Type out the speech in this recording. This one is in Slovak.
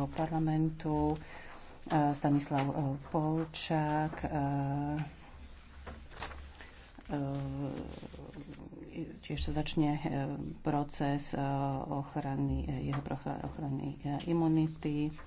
Európskeho parlamentu, e, Stanislav e, Polčák, e, tiež sa začne proces ochrany, jeho ochrany imunity.